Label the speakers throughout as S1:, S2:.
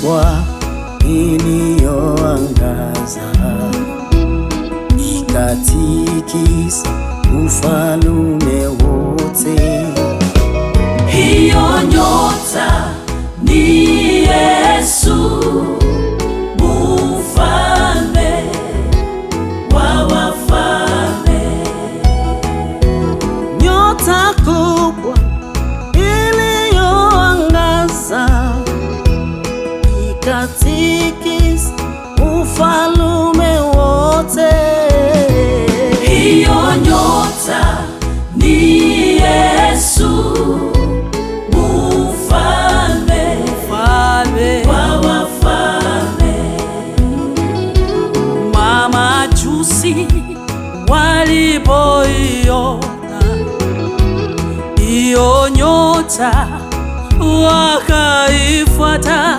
S1: kubwa iliyoangaza ikatikisa ufalume
S2: katikis ufalume wote.
S3: Hiyo nyota ni Yesu wafalme.
S2: Mamajusi walipoiona hiyo nyota wakaifuata.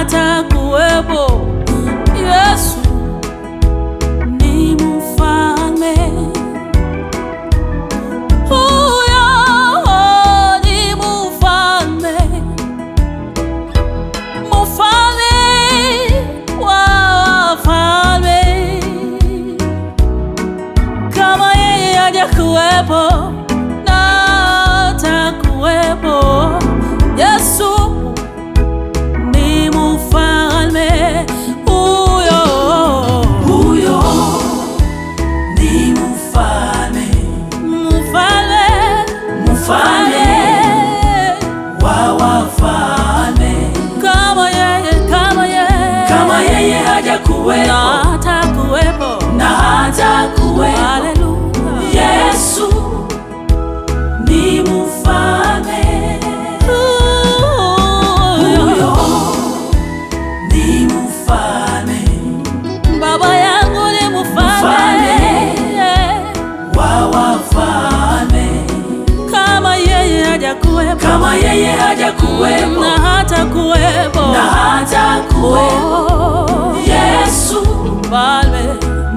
S2: atakuwepo. Yesu ni mfalme, huyo ni mfalme, mfalme wa wafalme. Kama yeye hajakuwepo, na atakuwepo hatakuwepo
S3: na hatakuwepo. Yesu ni mfalme,
S2: yangu ni mfalme Kama yeye
S3: hajakuwepo, kama yeye hajakuwepo na hatakuwepo, na hatakuwepo
S2: su
S3: palme